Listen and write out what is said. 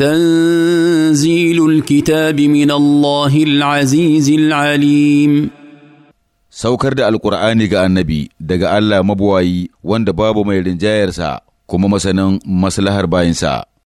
تنزيل الكتاب من الله العزيز العليم saukar da alkur'ani ga annabi daga Allah mabuwayi wanda babu mai rinjayarsa kuma masanin maslahar bayinsa